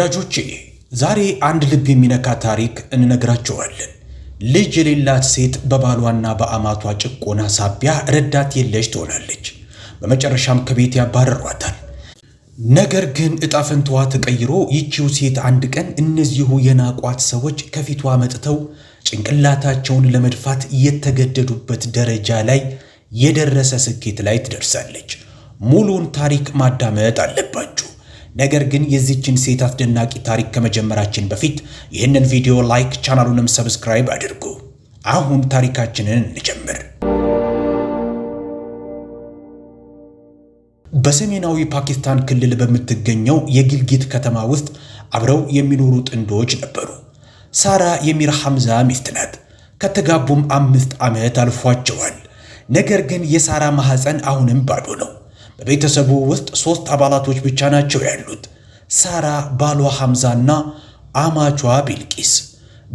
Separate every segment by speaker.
Speaker 1: ወዳጆቼ ዛሬ አንድ ልብ የሚነካ ታሪክ እንነግራችኋለን። ልጅ የሌላት ሴት በባሏና በአማቷ ጭቆና ሳቢያ ረዳት የለሽ ትሆናለች። በመጨረሻም ከቤት ያባረሯታል። ነገር ግን እጣ ፈንታዋ ተቀይሮ ይቺው ሴት አንድ ቀን እነዚሁ የናቋት ሰዎች ከፊቷ መጥተው ጭንቅላታቸውን ለመድፋት የተገደዱበት ደረጃ ላይ የደረሰ ስኬት ላይ ትደርሳለች። ሙሉውን ታሪክ ማዳመጥ አለባችሁ። ነገር ግን የዚችን ሴት አስደናቂ ታሪክ ከመጀመራችን በፊት ይህንን ቪዲዮ ላይክ፣ ቻናሉንም ሰብስክራይብ አድርጉ። አሁን ታሪካችንን እንጀምር። በሰሜናዊ ፓኪስታን ክልል በምትገኘው የጊልጊት ከተማ ውስጥ አብረው የሚኖሩ ጥንዶች ነበሩ። ሳራ የሚር ሐምዛ ሚስት ናት። ከተጋቡም አምስት ዓመት አልፏቸዋል። ነገር ግን የሳራ ማኅፀን አሁንም ባዶ ነው። በቤተሰቡ ውስጥ ሦስት አባላቶች ብቻ ናቸው ያሉት፣ ሳራ ባሏ ሐምዛና አማቿ ቢልቂስ።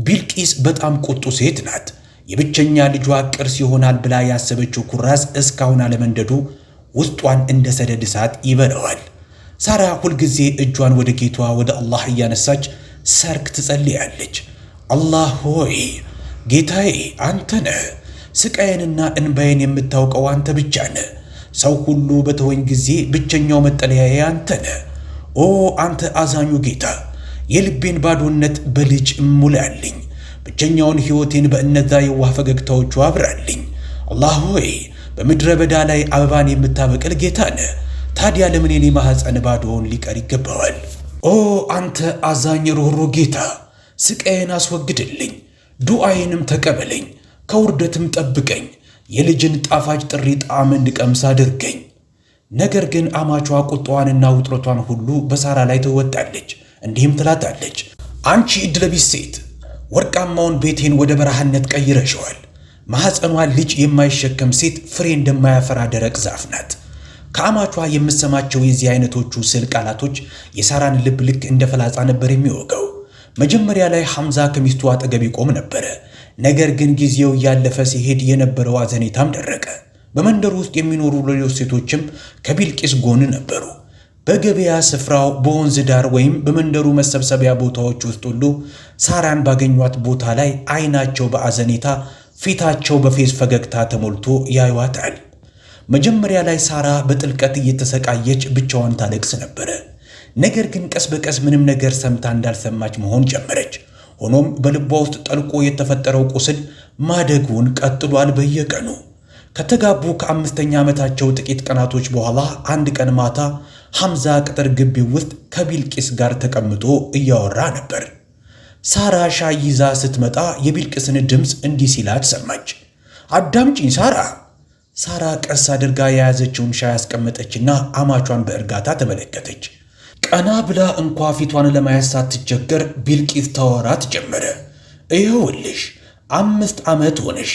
Speaker 1: ቢልቂስ በጣም ቁጡ ሴት ናት። የብቸኛ ልጇ ቅርስ ይሆናል ብላ ያሰበችው ኩራዝ እስካሁን አለመንደዱ ውስጧን እንደ ሰደድ እሳት ይበለዋል። ሳራ ሁልጊዜ እጇን ወደ ጌቷ ወደ አላህ እያነሳች ሰርክ ትጸልያለች። አላህ ሆይ ጌታዬ አንተ ነህ፣ ስቃዬንና እንባዬን የምታውቀው አንተ ብቻ ነህ ሰው ሁሉ በተወኝ ጊዜ ብቸኛው መጠለያዬ አንተ ነህ። ኦ አንተ አዛኙ ጌታ፣ የልቤን ባዶነት በልጅ ሙላልኝ። ብቸኛውን ሕይወቴን በእነዛ የዋህ ፈገግታዎቹ አብራልኝ። አላህ ሆይ በምድረ በዳ ላይ አበባን የምታበቅል ጌታ ነህ። ታዲያ ለምን የኔ ማኅፀን ባዶውን ሊቀር ይገባዋል? ኦ አንተ አዛኝ ሮሮ ጌታ ስቃዬን አስወግድልኝ፣ ዱዓዬንም ተቀበለኝ፣ ከውርደትም ጠብቀኝ። የልጅን ጣፋጭ ጥሪ ጣዕም እንድቀምስ አድርገኝ። ነገር ግን አማቿ ቁጣዋንና ውጥረቷን ሁሉ በሳራ ላይ ትወጣለች። እንዲህም ትላታለች፣ አንቺ እድለቢስ ሴት ወርቃማውን ቤቴን ወደ በረሃነት ቀይረሸዋል። ማኅፀኗ ልጅ የማይሸከም ሴት ፍሬ እንደማያፈራ ደረቅ ዛፍ ናት። ከአማቿ የምትሰማቸው የዚህ አይነቶቹ ስል ቃላቶች የሳራን ልብ ልክ እንደ ፍላጻ ነበር የሚወጋው። መጀመሪያ ላይ ሐምዛ ከሚስቱ አጠገብ ይቆም ነበረ። ነገር ግን ጊዜው እያለፈ ሲሄድ የነበረው አዘኔታም ደረቀ። በመንደሩ ውስጥ የሚኖሩ ሌሎች ሴቶችም ከቢልቂስ ጎን ነበሩ። በገበያ ስፍራው፣ በወንዝ ዳር ወይም በመንደሩ መሰብሰቢያ ቦታዎች ውስጥ ሁሉ ሳራን ባገኟት ቦታ ላይ አይናቸው በአዘኔታ ፊታቸው በፌዝ ፈገግታ ተሞልቶ ያዩዋታል። መጀመሪያ ላይ ሳራ በጥልቀት እየተሰቃየች ብቻዋን ታለቅስ ነበረ። ነገር ግን ቀስ በቀስ ምንም ነገር ሰምታ እንዳልሰማች መሆን ጀመረች። ሆኖም በልቧ ውስጥ ጠልቆ የተፈጠረው ቁስል ማደጉን ቀጥሏል። በየቀኑ ከተጋቡ ከአምስተኛ ዓመታቸው ጥቂት ቀናቶች በኋላ አንድ ቀን ማታ ሐምዛ ቅጥር ግቢ ውስጥ ከቢልቂስ ጋር ተቀምጦ እያወራ ነበር። ሳራ ሻይ ይዛ ስትመጣ የቢልቂስን ድምፅ እንዲህ ሲላት ሰማች። አዳምጪኝ ሳራ። ሳራ ቀስ አድርጋ የያዘችውን ሻይ አስቀመጠችና አማቿን በእርጋታ ተመለከተች። ቀና ብላ እንኳ ፊቷን ለማየት ሳትቸገር ቢልቂት ታወራት ጀመረ። ይኸውልሽ አምስት ዓመት ሆነሽ፣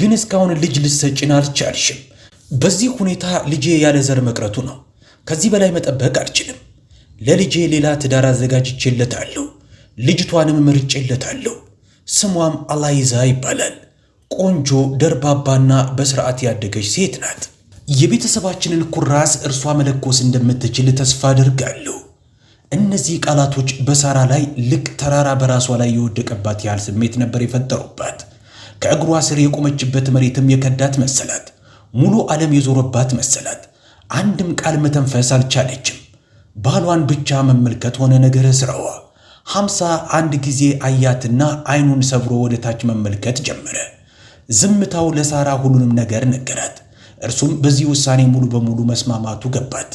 Speaker 1: ግን እስካሁን ልጅ ልሰጭን አልቻልሽም። በዚህ ሁኔታ ልጄ ያለ ዘር መቅረቱ ነው። ከዚህ በላይ መጠበቅ አልችልም። ለልጄ ሌላ ትዳር አዘጋጅቼለታለሁ። ልጅቷንም አለሁ ስሟም አላይዛ ይባላል። ቆንጆ ደርባባና በስርዓት ያደገች ሴት ናት። የቤተሰባችንን ኩራስ እርሷ መለኮስ እንደምትችል ተስፋ አድርጋለሁ። እነዚህ ቃላቶች በሳራ ላይ ልክ ተራራ በራሷ ላይ የወደቀባት ያህል ስሜት ነበር የፈጠሩባት። ከእግሯ ስር የቆመችበት መሬትም የከዳት መሰላት። ሙሉ ዓለም የዞረባት መሰላት። አንድም ቃል መተንፈስ አልቻለችም። ባሏን ብቻ መመልከት ሆነ ነገር ስራዋ። ሐምሳ አንድ ጊዜ አያትና አይኑን ሰብሮ ወደ ታች መመልከት ጀመረ። ዝምታው ለሳራ ሁሉንም ነገር ነገራት። እርሱም በዚህ ውሳኔ ሙሉ በሙሉ መስማማቱ ገባት።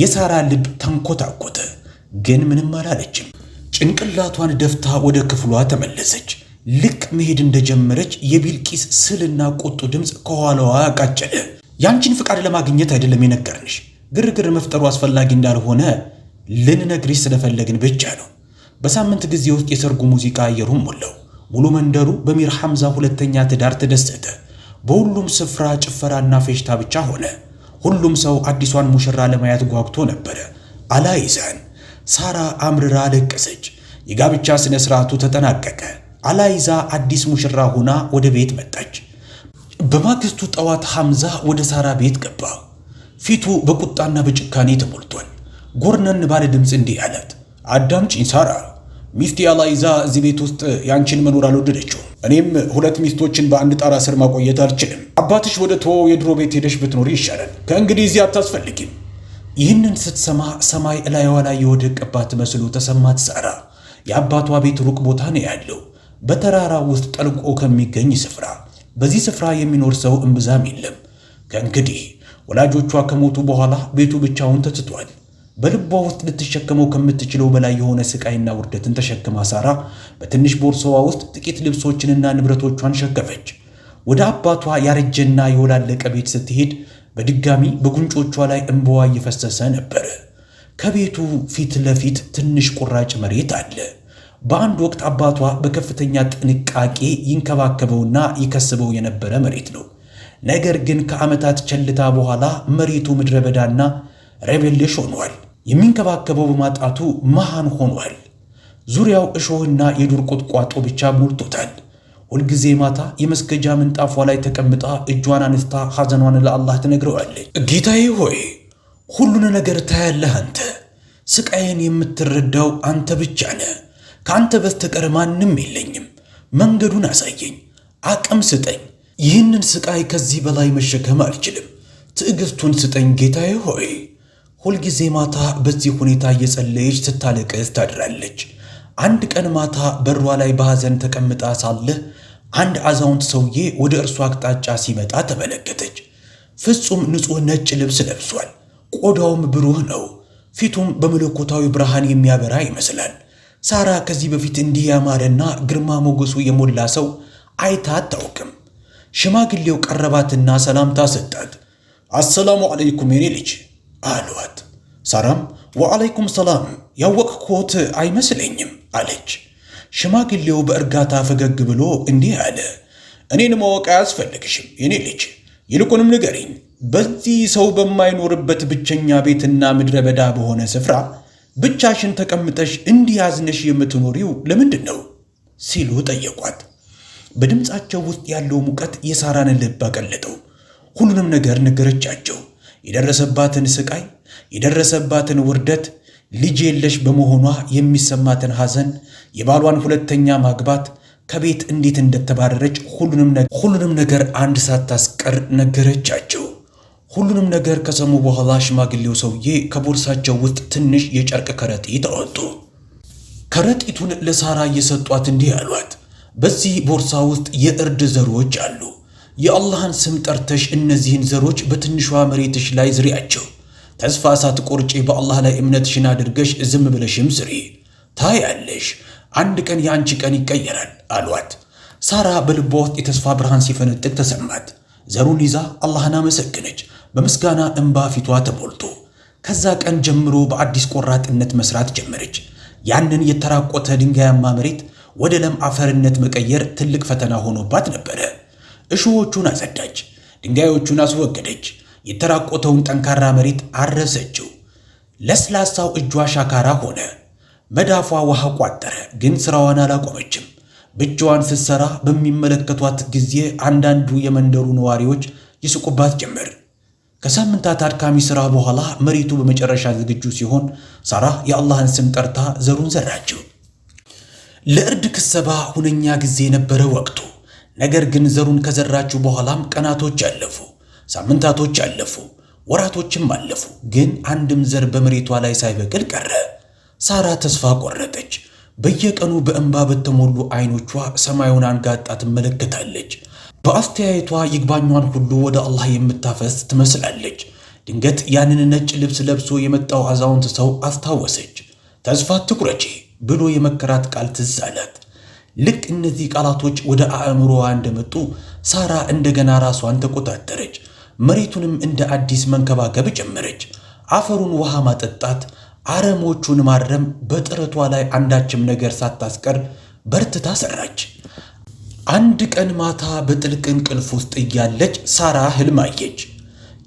Speaker 1: የሳራ ልብ ተንኮታኮተ። ግን ምንም አላለችም። ጭንቅላቷን ደፍታ ወደ ክፍሏ ተመለሰች። ልክ መሄድ እንደጀመረች የቢልቂስ ስልና ቁጡ ድምፅ ከኋላዋ አቃጨለ። ያንቺን ፍቃድ ለማግኘት አይደለም የነገርንሽ፣ ግርግር መፍጠሩ አስፈላጊ እንዳልሆነ ልንነግርሽ ስለፈለግን ብቻ ነው። በሳምንት ጊዜ ውስጥ የሰርጉ ሙዚቃ አየሩን ሞላው። ሙሉ መንደሩ በሚር ሐምዛ ሁለተኛ ትዳር ተደሰተ። በሁሉም ስፍራ ጭፈራና ፌሽታ ብቻ ሆነ። ሁሉም ሰው አዲሷን ሙሽራ ለማየት ጓጉቶ ነበረ። አላይዛን ሳራ አምርራ አለቀሰች። የጋብቻ ሥነ ሥርዓቱ ተጠናቀቀ። አላይዛ አዲስ ሙሽራ ሆና ወደ ቤት መጣች። በማግስቱ ጠዋት ሐምዛ ወደ ሳራ ቤት ገባ። ፊቱ በቁጣና በጭካኔ ተሞልቷል። ጎርነን ባለ ድምፅ እንዲህ አላት፣ አዳምጪኝ ሳራ፣ ሚስቴ አላይዛ እዚህ ቤት ውስጥ ያንቺን መኖር አልወደደችው። እኔም ሁለት ሚስቶችን በአንድ ጣራ ስር ማቆየት አልችልም። አባትሽ ወደ ተወው የድሮ ቤት ሄደሽ ብትኖሪ ይሻላል። ከእንግዲህ እዚህ አታስፈልጊም። ይህንን ስትሰማ ሰማይ እላይዋ ላይ የወደቀባት መስሎ ተሰማት። ሳራ የአባቷ ቤት ሩቅ ቦታ ነው ያለው፣ በተራራ ውስጥ ጠልቆ ከሚገኝ ስፍራ። በዚህ ስፍራ የሚኖር ሰው እምብዛም የለም። ከእንግዲህ ወላጆቿ ከሞቱ በኋላ ቤቱ ብቻውን ተትቷል። በልቧ ውስጥ ልትሸከመው ከምትችለው በላይ የሆነ ስቃይና ውርደትን ተሸክማ ሳራ በትንሽ ቦርሳዋ ውስጥ ጥቂት ልብሶችንና ንብረቶቿን ሸከፈች። ወደ አባቷ ያረጀና የወላለቀ ቤት ስትሄድ በድጋሚ በጉንጮቿ ላይ እንባዋ እየፈሰሰ ነበር። ከቤቱ ፊት ለፊት ትንሽ ቁራጭ መሬት አለ። በአንድ ወቅት አባቷ በከፍተኛ ጥንቃቄ ይንከባከበውና ይከስበው የነበረ መሬት ነው። ነገር ግን ከዓመታት ቸልታ በኋላ መሬቱ ምድረ በዳና ረቤልሽ ሆኗል። የሚንከባከበው በማጣቱ መሃን ሆኗል። ዙሪያው እሾህና የዱር ቁጥቋጦ ብቻ ሞልቶታል። ሁልጊዜ ማታ የመስገጃ ምንጣፏ ላይ ተቀምጣ እጇን አንስታ ሐዘኗን ለአላህ ትነግረዋለች። ጌታዬ ሆይ ሁሉን ነገር ታያለህ አንተ፣ ስቃዬን የምትረዳው አንተ ብቻ ነህ። ከአንተ በስተቀር ማንም የለኝም። መንገዱን አሳየኝ፣ አቅም ስጠኝ። ይህንን ስቃይ ከዚህ በላይ መሸከም አልችልም። ትዕግስቱን ስጠኝ ጌታዬ ሆይ። ሁልጊዜ ማታ በዚህ ሁኔታ እየጸለየች ስታለቅስ ታድራለች። አንድ ቀን ማታ በሯ ላይ በሐዘን ተቀምጣ ሳለ አንድ አዛውንት ሰውዬ ወደ እርሷ አቅጣጫ ሲመጣ ተመለከተች። ፍጹም ንጹሕ ነጭ ልብስ ለብሷል። ቆዳውም ብሩህ ነው። ፊቱም በመለኮታዊ ብርሃን የሚያበራ ይመስላል። ሳራ ከዚህ በፊት እንዲህ ያማረና ግርማ ሞገሱ የሞላ ሰው አይታ አታውቅም። ሽማግሌው ቀረባትና ሰላምታ ሰጣት። አሰላሙ አለይኩም የኔ ልጅ አሏት። ሳራም ወአለይኩም ሰላም ያወቅኩት አይመስለኝም አለች። ሽማግሌው በእርጋታ ፈገግ ብሎ እንዲህ አለ። እኔን ማወቅ አያስፈልግሽም የኔ ልጅ። ይልቁንም ንገሪኝ፣ በዚህ ሰው በማይኖርበት ብቸኛ ቤትና ምድረ በዳ በሆነ ስፍራ ብቻሽን ተቀምጠሽ እንዲህ የምትኖሪው ለምንድን ነው? ሲሉ ጠየቋት። በድምፃቸው ውስጥ ያለው ሙቀት የሳራን ልብ አቀለጠው። ሁሉንም ነገር ነገረቻቸው። የደረሰባትን ስቃይ፣ የደረሰባትን ውርደት፣ ልጅ የለሽ በመሆኗ የሚሰማትን ሐዘን፣ የባሏን ሁለተኛ ማግባት፣ ከቤት እንዴት እንደተባረረች ሁሉንም ነገር አንድ ሳታስቀር ነገረቻቸው። ሁሉንም ነገር ከሰሙ በኋላ ሽማግሌው ሰውዬ ከቦርሳቸው ውስጥ ትንሽ የጨርቅ ከረጢት አወጡ። ከረጢቱን ለሳራ እየሰጧት እንዲህ አሏት፣ በዚህ ቦርሳ ውስጥ የእርድ ዘሮች አሉ። የአላህን ስም ጠርተሽ እነዚህን ዘሮች በትንሿ መሬትሽ ላይ ዝሪያቸው ተስፋ ሳትቆርጪ በአላህ ላይ እምነትሽን አድርገሽ ዝም ብለሽም ስሪ ታያለሽ፣ አንድ ቀን የአንቺ ቀን ይቀየራል አሏት። ሳራ በልቧ ውስጥ የተስፋ ብርሃን ሲፈነጥቅ ተሰማት። ዘሩን ይዛ አላህን አመሰግነች። በምስጋና እንባ ፊቷ ተሞልቶ። ከዛ ቀን ጀምሮ በአዲስ ቆራጥነት መስራት ጀመረች። ያንን የተራቆተ ድንጋያማ መሬት ወደ ለም አፈርነት መቀየር ትልቅ ፈተና ሆኖባት ነበረ። እሾዎቹን አጸዳች፣ ድንጋዮቹን አስወገደች። የተራቆተውን ጠንካራ መሬት አረሰችው። ለስላሳው እጇ ሻካራ ሆነ። መዳፏ ውሃ ቋጠረ፣ ግን ሥራዋን አላቆመችም። ብቻዋን ስትሰራ በሚመለከቷት ጊዜ አንዳንዱ የመንደሩ ነዋሪዎች ይስቁባት ጀመር። ከሳምንታት አድካሚ ሥራ በኋላ መሬቱ በመጨረሻ ዝግጁ ሲሆን ሳራ የአላህን ስም ጠርታ ዘሩን ዘራችው። ለእርድ ክሰባ ሁነኛ ጊዜ የነበረ ወቅቱ። ነገር ግን ዘሩን ከዘራችው በኋላም ቀናቶች አለፉ። ሳምንታቶች አለፉ፣ ወራቶችም አለፉ። ግን አንድም ዘር በመሬቷ ላይ ሳይበቅል ቀረ። ሳራ ተስፋ ቆረጠች። በየቀኑ በእንባ በተሞሉ አይኖቿ ሰማዩን አንጋጣ ትመለከታለች። በአስተያየቷ ይግባኟን ሁሉ ወደ አላህ የምታፈስ ትመስላለች። ድንገት ያንን ነጭ ልብስ ለብሶ የመጣው አዛውንት ሰው አስታወሰች። ተስፋ ትቁረጪ ብሎ የመከራት ቃል ትዝ አላት። ልክ እነዚህ ቃላቶች ወደ አእምሮዋ እንደመጡ ሳራ እንደገና ራሷን ተቆጣጠረች። መሬቱንም እንደ አዲስ መንከባከብ ጀመረች። አፈሩን ውሃ ማጠጣት፣ አረሞቹን ማረም፣ በጥረቷ ላይ አንዳችም ነገር ሳታስቀር በርትታ ሰራች። አንድ ቀን ማታ በጥልቅ እንቅልፍ ውስጥ እያለች ሳራ ህልም አየች።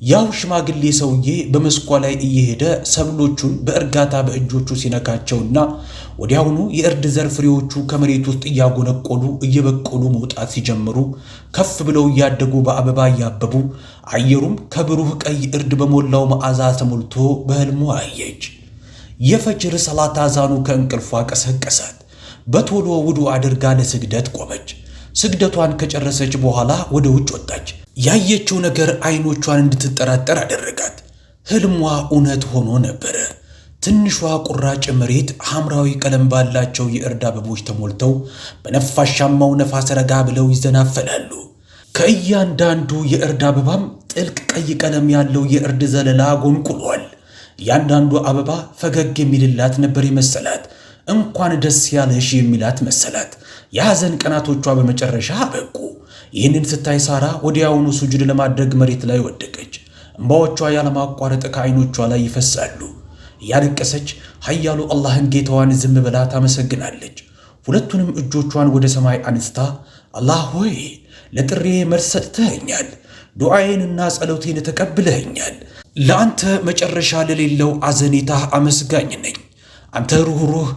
Speaker 1: ያው ሽማግሌ ሰውዬ በመስኳ ላይ እየሄደ ሰብሎቹን በእርጋታ በእጆቹ ሲነካቸውና ወዲያውኑ የእርድ ዘር ፍሬዎቹ ከመሬት ውስጥ እያጎነቆሉ እየበቀሉ መውጣት ሲጀምሩ ከፍ ብለው እያደጉ በአበባ እያበቡ አየሩም ከብሩህ ቀይ እርድ በሞላው መዓዛ ተሞልቶ በሕልሙ አየች። የፈጅር ሰላት አዛኑ ከእንቅልፏ ቀሰቀሳት። በቶሎ ውዱ አድርጋ ለስግደት ቆመች። ስግደቷን ከጨረሰች በኋላ ወደ ውጭ ወጣች። ያየችው ነገር አይኖቿን እንድትጠራጠር አደረጋት። ህልሟ እውነት ሆኖ ነበረ። ትንሿ ቁራጭ መሬት ሐምራዊ ቀለም ባላቸው የእርድ አበቦች ተሞልተው በነፋሻማው ነፋስ ረጋ ብለው ይዘናፈላሉ። ከእያንዳንዱ የእርድ አበባም ጥልቅ ቀይ ቀለም ያለው የእርድ ዘለላ ጎንቁሏል። እያንዳንዱ አበባ ፈገግ የሚልላት ነበር የመሰላት። እንኳን ደስ ያለሽ የሚላት መሰላት። የሐዘን ቀናቶቿ በመጨረሻ አበቁ። ይህንን ስታይ ሳራ ወዲያውኑ ሱጁድ ለማድረግ መሬት ላይ ወደቀች። እምባዎቿ ያለማቋረጥ ከዓይኖቿ ላይ ይፈሳሉ። እያለቀሰች ኃያሉ አላህን ጌታዋን ዝም ብላ ታመሰግናለች። ሁለቱንም እጆቿን ወደ ሰማይ አንስታ አላህ ሆይ ለጥሬ መልስ ሰጥተኸኛል፣ ዱዓዬንና ጸሎቴን ተቀብለኸኛል። ለአንተ መጨረሻ ለሌለው አዘኔታህ አመስጋኝ ነኝ። አንተ ሩህሩህ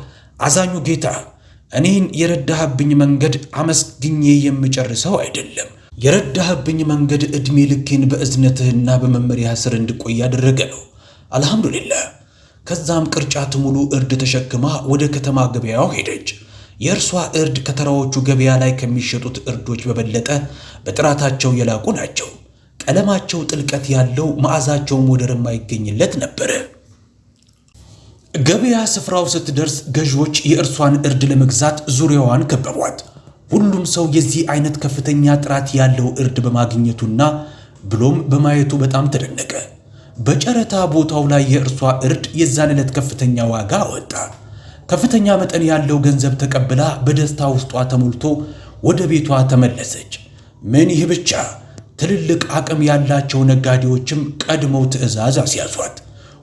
Speaker 1: አዛኙ ጌታ እኔን የረዳህብኝ መንገድ አመስግኜ የምጨርሰው አይደለም። የረዳህብኝ መንገድ ዕድሜ ልኬን በእዝነትህና በመመሪያ ስር እንድቆይ ያደረገ ነው። አልሐምዱሊላህ። ከዛም ቅርጫት ሙሉ እርድ ተሸክማ ወደ ከተማ ገበያው ሄደች። የእርሷ እርድ ከተራዎቹ ገበያ ላይ ከሚሸጡት እርዶች በበለጠ በጥራታቸው የላቁ ናቸው። ቀለማቸው ጥልቀት ያለው መዓዛቸውም ወደር የማይገኝለት ነበረ። ገበያ ስፍራው ስትደርስ ገዢዎች የእርሷን እርድ ለመግዛት ዙሪያዋን ከበቧት። ሁሉም ሰው የዚህ አይነት ከፍተኛ ጥራት ያለው እርድ በማግኘቱና ብሎም በማየቱ በጣም ተደነቀ። በጨረታ ቦታው ላይ የእርሷ እርድ የዛን ዕለት ከፍተኛ ዋጋ አወጣ። ከፍተኛ መጠን ያለው ገንዘብ ተቀብላ በደስታ ውስጧ ተሞልቶ ወደ ቤቷ ተመለሰች። ምን ይህ ብቻ! ትልልቅ አቅም ያላቸው ነጋዴዎችም ቀድመው ትዕዛዝ አስያዟት።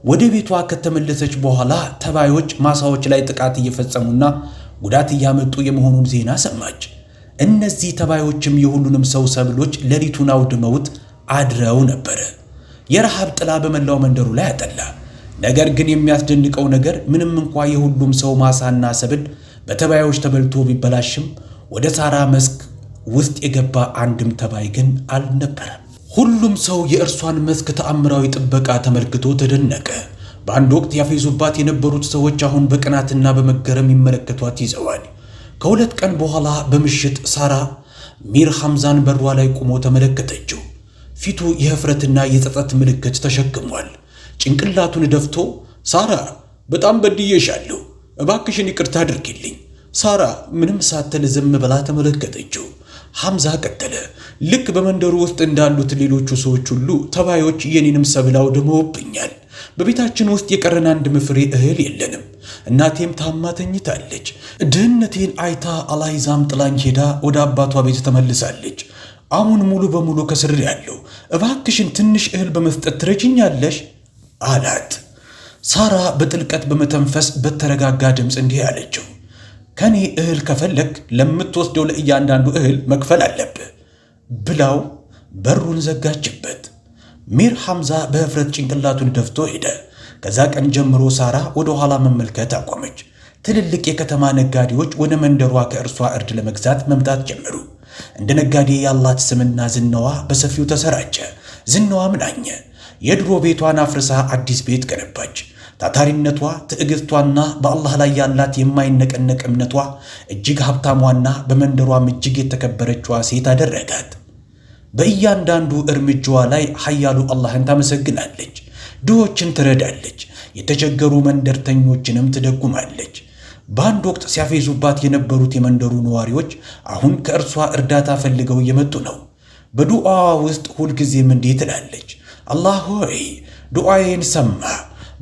Speaker 1: ወደ ቤቷ ከተመለሰች በኋላ ተባዮች ማሳዎች ላይ ጥቃት እየፈጸሙና ጉዳት እያመጡ የመሆኑን ዜና ሰማች። እነዚህ ተባዮችም የሁሉንም ሰው ሰብሎች ሌሊቱን አውድመውት አድረው ነበረ። የረሃብ ጥላ በመላው መንደሩ ላይ አጠላ። ነገር ግን የሚያስደንቀው ነገር ምንም እንኳ የሁሉም ሰው ማሳና ሰብል በተባዮች ተበልቶ ቢበላሽም ወደ ሳራ መስክ ውስጥ የገባ አንድም ተባይ ግን አልነበረም። ሁሉም ሰው የእርሷን መስክ ተአምራዊ ጥበቃ ተመልክቶ ተደነቀ። በአንድ ወቅት ያፌዙባት የነበሩት ሰዎች አሁን በቅናትና በመገረም ይመለከቷት ይዘዋል። ከሁለት ቀን በኋላ በምሽት ሳራ ሚር ሐምዛን በሯ ላይ ቆሞ ተመለከተችው። ፊቱ የህፍረትና የጸጸት ምልክት ተሸክሟል። ጭንቅላቱን ደፍቶ ሳራ በጣም በድየሻለሁ፣ እባክሽን ይቅርታ አድርጊልኝ። ሳራ ምንም ሳትል ዝም ብላ ተመለከተችው። ሐምዛ ቀጠለ። ልክ በመንደሩ ውስጥ እንዳሉት ሌሎቹ ሰዎች ሁሉ ተባዮች የኔንም ሰብል አውድመውብኛል። በቤታችን ውስጥ የቀረን አንድ ምፍሬ እህል የለንም። እናቴም ታማ ተኝታለች። ድህነቴን አይታ አላይዛም ጥላኝ ሄዳ ወደ አባቷ ቤት ተመልሳለች። አሁን ሙሉ በሙሉ ከስር ያለው እባክሽን ትንሽ እህል በመስጠት ትረጅኛለሽ አላት። ሳራ በጥልቀት በመተንፈስ በተረጋጋ ድምፅ እንዲህ አለችው። ከኔ እህል ከፈለግ ለምትወስደው ለእያንዳንዱ እህል መክፈል አለብህ ብላው በሩን ዘጋችበት። ሚር ሐምዛ በህፍረት ጭንቅላቱን ደፍቶ ሄደ። ከዛ ቀን ጀምሮ ሳራ ወደ ኋላ መመልከት አቆመች። ትልልቅ የከተማ ነጋዴዎች ወደ መንደሯ ከእርሷ እርድ ለመግዛት መምጣት ጀመሩ። እንደ ነጋዴ ያላት ስምና ዝናዋ በሰፊው ተሰራጨ። ዝነዋ ምናኘ የድሮ ቤቷን አፍርሳ አዲስ ቤት ገነባች። ታታሪነቷ፣ ትዕግሥቷና በአላህ ላይ ያላት የማይነቀነቅ እምነቷ እጅግ ሀብታሟና በመንደሯም እጅግ የተከበረችዋ ሴት አደረጋት። በእያንዳንዱ እርምጃዋ ላይ ሐያሉ አላህን ታመሰግናለች፣ ድሆችን ትረዳለች፣ የተቸገሩ መንደርተኞችንም ትደጉማለች። በአንድ ወቅት ሲያፌዙባት የነበሩት የመንደሩ ነዋሪዎች አሁን ከእርሷ እርዳታ ፈልገው እየመጡ ነው። በዱዓዋ ውስጥ ሁልጊዜም እንዲህ ትላለች፣ አላህ ሆይ ዱዓዬን ሰማ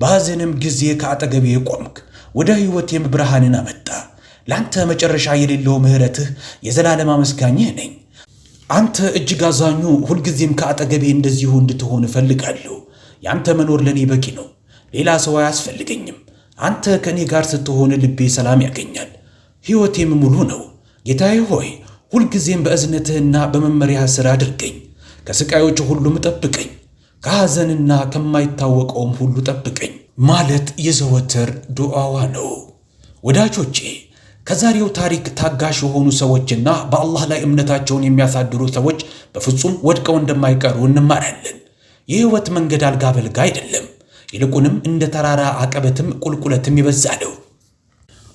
Speaker 1: በሐዘንም ጊዜ ከአጠገቤ የቆምክ ወደ ሕይወቴም ብርሃንን አመጣ። ለአንተ መጨረሻ የሌለው ምሕረትህ የዘላለም አመስጋኝህ ነኝ። አንተ እጅግ አዛኙ፣ ሁልጊዜም ከአጠገቤ እንደዚሁ እንድትሆን እፈልጋለሁ። የአንተ መኖር ለእኔ በቂ ነው። ሌላ ሰው አያስፈልገኝም። አንተ ከእኔ ጋር ስትሆን ልቤ ሰላም ያገኛል፣ ሕይወቴም ሙሉ ነው። ጌታዬ ሆይ ሁልጊዜም በእዝነትህና በመመሪያ ሥር አድርገኝ፣ ከሥቃዮች ሁሉም ጠብቀኝ። ከሐዘንና ከማይታወቀውም ሁሉ ጠብቀኝ ማለት የዘወትር ዱዓዋ ነው። ወዳጆቼ ከዛሬው ታሪክ ታጋሽ የሆኑ ሰዎችና በአላህ ላይ እምነታቸውን የሚያሳድሩ ሰዎች በፍጹም ወድቀው እንደማይቀሩ እንማራለን። የሕይወት መንገድ አልጋ በልጋ አይደለም። ይልቁንም እንደ ተራራ አቀበትም ቁልቁለትም ይበዛለው። ነው።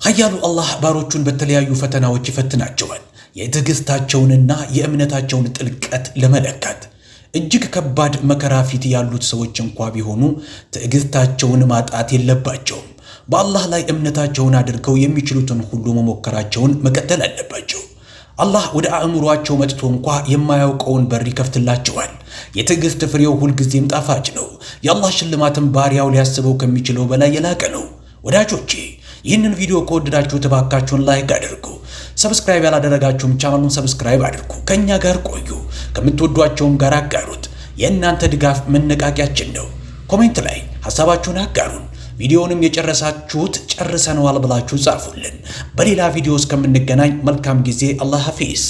Speaker 1: ኃያሉ አላህ ባሮቹን በተለያዩ ፈተናዎች ይፈትናቸዋል። የትዕግሥታቸውንና የእምነታቸውን ጥልቀት ለመለካት እጅግ ከባድ መከራ ፊት ያሉት ሰዎች እንኳ ቢሆኑ ትዕግስታቸውን ማጣት የለባቸውም። በአላህ ላይ እምነታቸውን አድርገው የሚችሉትን ሁሉ መሞከራቸውን መቀጠል አለባቸው። አላህ ወደ አእምሯቸው መጥቶ እንኳ የማያውቀውን በር ይከፍትላቸዋል። የትዕግሥት ፍሬው ሁልጊዜም ጣፋጭ ነው። የአላህ ሽልማትን ባሪያው ሊያስበው ከሚችለው በላይ የላቀ ነው። ወዳጆቼ ይህንን ቪዲዮ ከወደዳችሁ ተባካችሁን ላይክ አድርጉ። ሰብስክራይብ ያላደረጋችሁም ቻናሉን ሰብስክራይብ አድርጉ። ከእኛ ጋር ቆዩ፣ ከምትወዷቸውም ጋር አጋሩት። የእናንተ ድጋፍ መነቃቂያችን ነው። ኮሜንት ላይ ሀሳባችሁን አጋሩን። ቪዲዮውንም የጨረሳችሁት ጨርሰነዋል ብላችሁ ጻፉልን። በሌላ ቪዲዮ እስከምንገናኝ መልካም ጊዜ። አላህ ሐፊዝ።